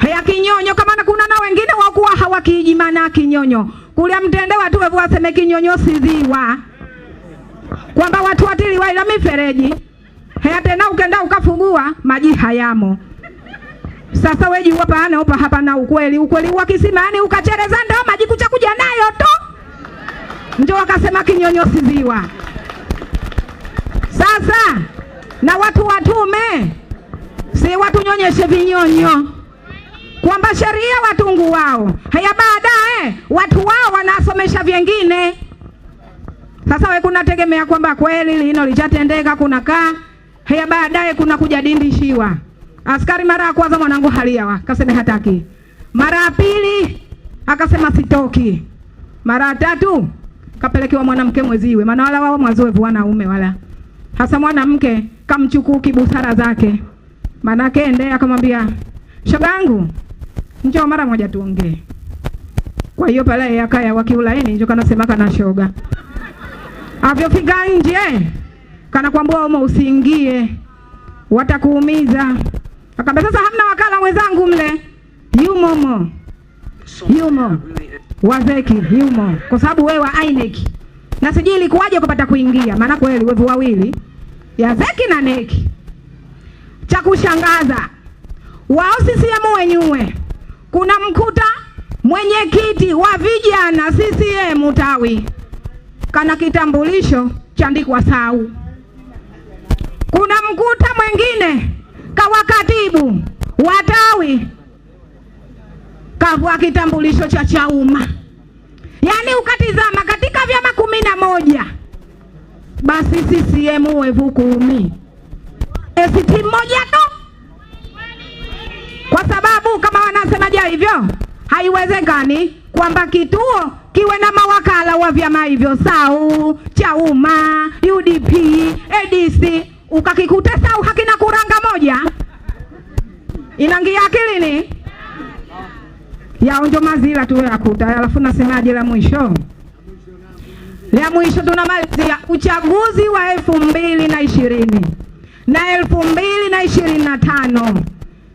haya kinyonyo kama na kuna na wengine wakuwa hawakijima na kinyonyo kulia mtende watu wevu waseme kinyonyo sidhiwa kwamba watu watiliwa ila mifereji haya tena ukenda ukafungua maji hayamo sasa weji uwa paana upa hapa na ukweli ukweli uwa kisimani ukachereza ndio maji kucha kuja nayo tu njo wakasema kinyonyo siziwa sasa na watu watume si watu nyonyeshe vinyonyo kwamba sheria watungu wao, haya baadaye watu wao wanasomesha vyengine. Sasa wewe kunategemea kwamba kweli lino lichatendeka, kunakaa haya baadaye kuna kujadindishiwa. Askari mara ya kwanza mwanangu haliawa kasema hataki, mara ya pili akasema sitoki, mara ya tatu kapelekewa mwanamke mweziwe, maana wala wao mwazoe wanaume wala hasa mwanamke kamchukuki busara zake, maanake endea akamwambia shogangu Njoo mara moja tuongee. Kwa hiyo pala yakaya wakiulaini njo kanasema kana shoga avyofika nje kana kwambua umo usiingie, watakuumiza. Akamba sasa hamna wakala mwenzangu mle mo yumo wazeki yumo, kwa sababu wewe wa aineki na sijui ilikuwaje kupata kuingia, maana kweli wevu wawili ya zeki na neki. Cha kushangaza wao CCM wenyewe kuna mkuta mwenyekiti wa vijana CCM tawi kana kitambulisho chandikwa sau. Kuna mkuta mwingine kawa katibu wa tawi kavua kitambulisho cha Chauma. Yaani ukatizama katika vyama kumi na moja basi CCM wevu kumi ACT mmoja Mnaonaje hivyo? Haiwezekani kwamba kituo kiwe na mawakala wa vyama hivyo SAU, Chauma, UDP, ADC ukakikuta SAU hakina kuranga moja, inangia akilini yaonjo mazila tuyoyakuta, alafu nasemaje la mwisho la mwisho tunamalizia uchaguzi wa elfu mbili na ishirini na elfu mbili na ishirini na tano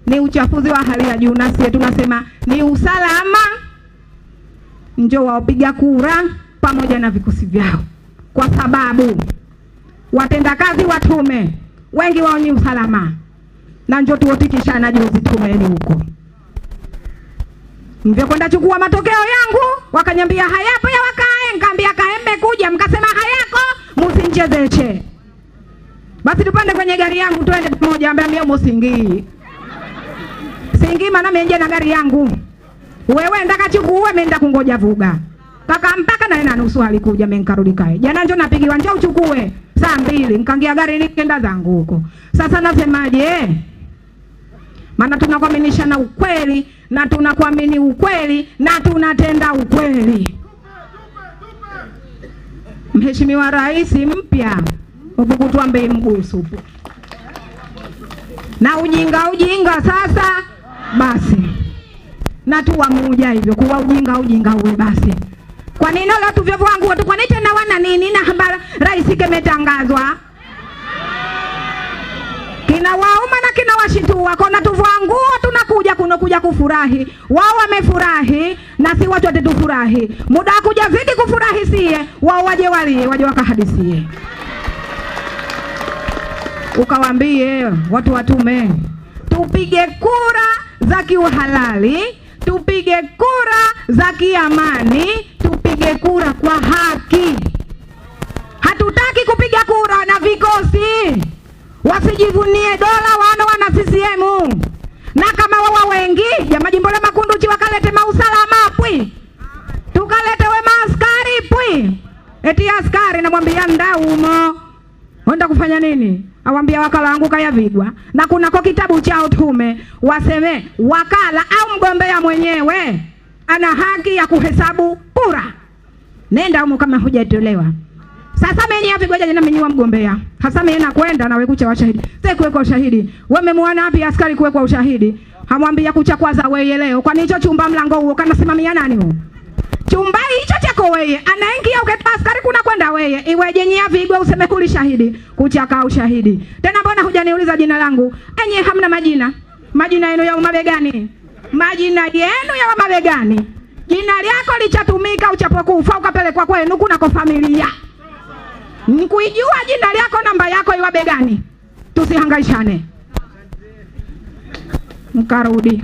ni uchafuzi wa hali ya juu, nasi tunasema ni usalama. Njoo waopiga kura pamoja na vikosi vyao, kwa sababu watendakazi wa tume wengi wao ni usalama, na njoo tuotikishana juzi tumeni huko mvyokwenda chukua matokeo yangu, wakanyambia hayapo ya wakae, nkaambia kaembe kuja, mkasema hayako, musinchezeche. Basi tupande kwenye gari yangu tuende pamoja, ambia mie musingii Singima na menje na gari yangu. Wewe ndaka chukua menda kungoja vuga. Kaka mpaka na nena nusu alikuja menkarudi kae. Jana njo napigiwa njoo uchukue saa mbili nikaingia gari nikaenda zangu huko. Sasa nasemaje? Maana tunakuaminishana ukweli na tunakuamini ukweli na tunatenda ukweli. Mheshimiwa Rais mpya ubukutwa mbei mgusupu na ujinga ujinga sasa basi na tuwamuja hivyo kuwa ujinga ujinga uwe basi. Kwa nini la tuvyo wangu watu kwa nini tena wana nini na habari rais kimetangazwa kina wauma na kina washitua kona tuvwanguo tunakuja kuno kuja kufurahi, wao wamefurahi na si watu tufurahi Muda akuja vidi kufurahi sie, wao waje walie waje wakahadisie, ukawambie watu watume tupige kura za kiuhalali, tupige kura za kiamani, tupige kura kwa haki. Hatutaki kupiga kura na vikosi, wasijivunie dola wana wana CCM na kama wawa wengi ya majimbo la Makunduchi wakalete mausalama pwi, tukalete we askari pwi, eti askari namwambia ndaumo, wenda kufanya nini? awambia wakala wanguka yavidwa na kunako kitabu cha utume waseme wakala au mgombea mwenyewe ana haki ya kuhesabu kura. Nenda umu kama hujatolewa. Sasa mimi hapa ngoja nina mimi mgombea. Hasa mimi nakwenda na wekucha washahidi. Sasa kuwekwa ushahidi. Wewe umemwona wapi askari kuwekwa ushahidi? Hamwambia kucha kuchakwaza wewe leo. Kwani hicho chumba mlango huo kama simamia nani huo? chumba hicho chako weye, anaingia uketa askari kuna kwenda weye, iwejenyia vigwa useme kuli shahidi kuchaka ushahidi tena. Mbona hujaniuliza jina langu? Enye hamna majina, majina yenu ya umabegani, majina yenu ya umabegani. Jina lako lichatumika uchapokufa ukapelekwa kwenu kunako familia. Nkuijua jina lako, namba yako iwa begani, tusihangaishane mkarudi.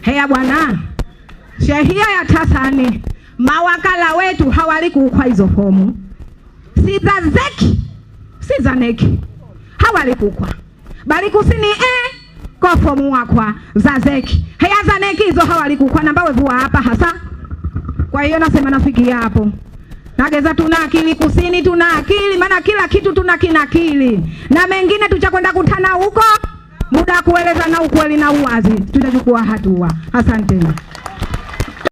Heya bwana shehia ya Tasani, mawakala wetu hawalikuukwa hizo fomu, si za zeki si za neki, hawalikuukwa bali kusini e kwa fomu wakwa za zeki heya za neki hizo hawalikuukwa namba wevuwa hapa hasa. Kwa hiyo nasema nafikia hapo nageza tuna akili kusini, tuna akili maana kila kitu tuna kinakili, na mengine tuchakwenda kutana huko muda kueleza na ukweli na uwazi, tutachukua hatua. Asanteni.